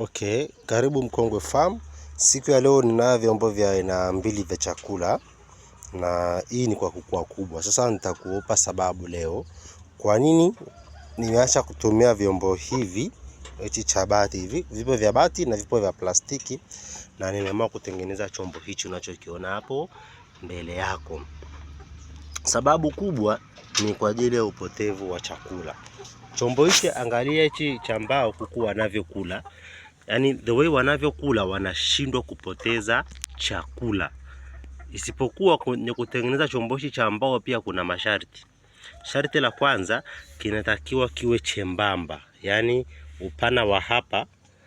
Okay, karibu Mkongwe Farm. Siku ya leo ninayo vyombo vya aina mbili vya chakula na hii ni kwa kuku wakubwa. Sasa nitakuopa sababu leo kwa nini nimeacha kutumia vyombo hivi hichi cha bati hivi, vipo vya bati na vipo vya plastiki, na nimeamua kutengeneza chombo hichi unachokiona hapo mbele yako. Sababu kubwa ni kwa ajili ya upotevu wa chakula. Chombo hichi, angalia hichi cha mbao kuku wanavyokula yani the way wanavyokula wanashindwa kupoteza chakula, isipokuwa kwenye kutengeneza chomboshi cha mbao pia kuna masharti. Sharti la kwanza kinatakiwa kiwe chembamba, yani upana wa hapa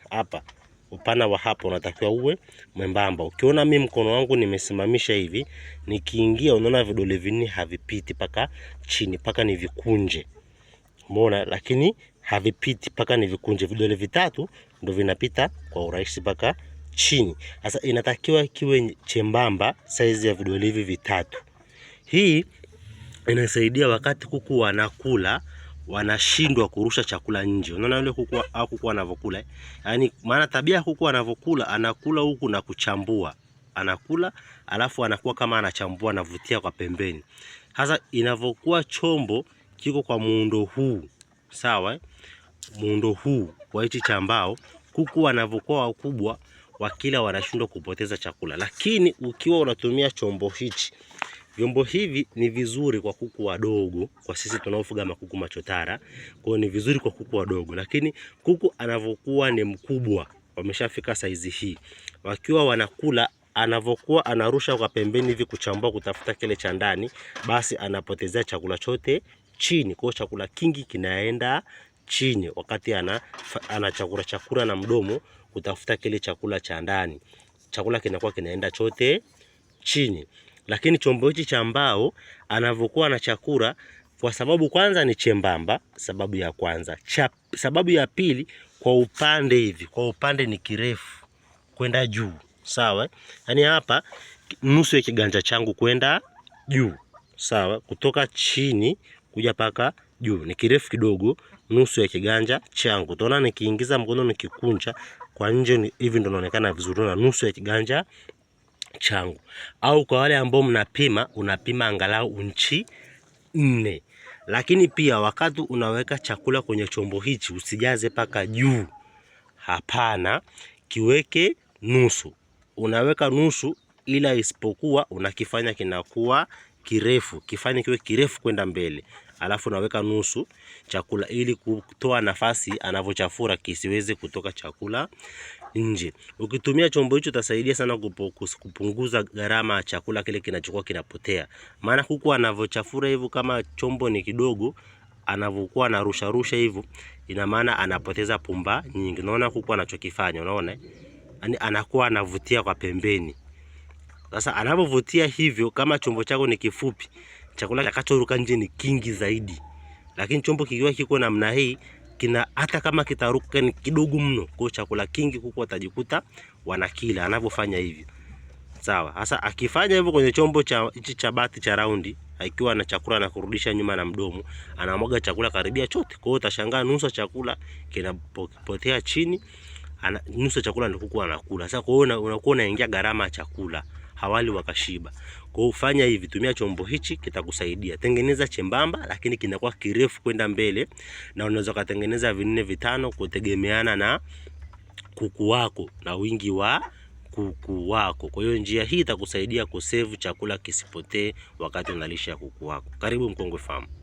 hapa upana wa hapa unatakiwa uwe mwembamba. Ukiona mi mkono wangu nimesimamisha hivi, nikiingia unaona vidole vinne havipiti paka chini, paka ni vikunje, umeona. Lakini havipiti mpaka ni vikunje vidole vitatu ndio vinapita kwa urahisi mpaka chini. Sasa inatakiwa kiwe chembamba saizi ya vidole hivi vitatu. Hii inasaidia wakati kuku wanakula wanashindwa kurusha chakula nje. Unaona yule kuku au kuku anavyokula, eh? yaani maana tabia ya kuku anavyokula, anakula huku na kuchambua, anakula alafu anakuwa kama anachambua, anavutia kwa pembeni. Sasa inavyokuwa chombo kiko kwa muundo huu sawa. Muundo huu wa hichi cha mbao, kuku wanavyokuwa wakubwa wakila wanashindwa kupoteza chakula, lakini ukiwa unatumia chombo hichi, vyombo hivi ni vizuri kwa kuku wadogo, kwa sisi tunaofuga makuku machotara, kwa ni vizuri kwa kuku wadogo, lakini kuku anavyokuwa ni mkubwa, wameshafika saizi hii, wakiwa wanakula anavyokuwa anarusha kwa pembeni hivi kuchambua kutafuta kile cha ndani, basi anapotezea chakula chote chini, kwa chakula kingi kinaenda chini wakati ana, ana chakula chakula na mdomo kutafuta kile chakula cha ndani, chakula kinakuwa kinaenda chote chini. Lakini chombo hichi cha mbao anavyokuwa na chakula, kwa sababu kwanza ni chembamba, sababu ya kwanza cha, sababu ya pili kwa upande hivi, kwa upande ni kirefu kwenda juu, sawa. Yani hapa nusu ya kiganja changu kwenda juu, sawa, kutoka chini kuja paka juu, ni kirefu kidogo, nusu ya kiganja changu. Utaona nikiingiza mkono nikikunja kwa nje hivi ndo inaonekana vizuri, na nusu ya kiganja changu. Au kwa wale ambao mnapima, unapima angalau unchi nne. Lakini pia wakati unaweka chakula kwenye chombo hichi usijaze paka juu, hapana, kiweke nusu. Unaweka nusu, ila isipokuwa unakifanya kinakuwa kirefu, kifanye kiwe kirefu kwenda mbele alafu naweka nusu chakula ili kutoa nafasi anavyochafura kisiweze kutoka chakula nje. Ukitumia chombo hicho utasaidia sana kupunguza gharama ya chakula kile kinachokuwa kinapotea, maana kuku anavyochafura hivyo, kama chombo ni kidogo anavyokuwa anarusha rusha hivyo, ina maana anapoteza pumba nyingi. Unaona kuku anachokifanya, unaona yani anakuwa anavutia kwa pembeni. Sasa anavyovutia hivyo, kama chombo chako ni kifupi, chakula kitakachoruka nje ni kingi zaidi, lakini chombo kikiwa kiko namna hii kina hata kama kitaruka ni kidogo mno, kwa chakula kingi kuku watajikuta wanakila anavyofanya hivyo. Sawa. Sasa akifanya hivyo kwenye chombo cha hichi cha bati cha raundi, akiwa na chakula na kurudisha nyuma na mdomo, anamwaga chakula karibia chote. Kwa hiyo utashangaa nusu chakula kinapotea chini, nusu chakula ndio kuku anakula. Sasa kwa hiyo unakuwa unaingia gharama ya chakula hawali wakashiba. Kwa hiyo fanya hivi, tumia chombo hichi kitakusaidia. Tengeneza chembamba lakini kinakuwa kirefu kwenda mbele na unaweza kutengeneza vinne vitano kutegemeana na kuku wako na wingi wa kuku wako. Kwa hiyo njia hii itakusaidia kusevu chakula kisipotee wakati unalisha kuku wako. Karibu Mkongwe Farm.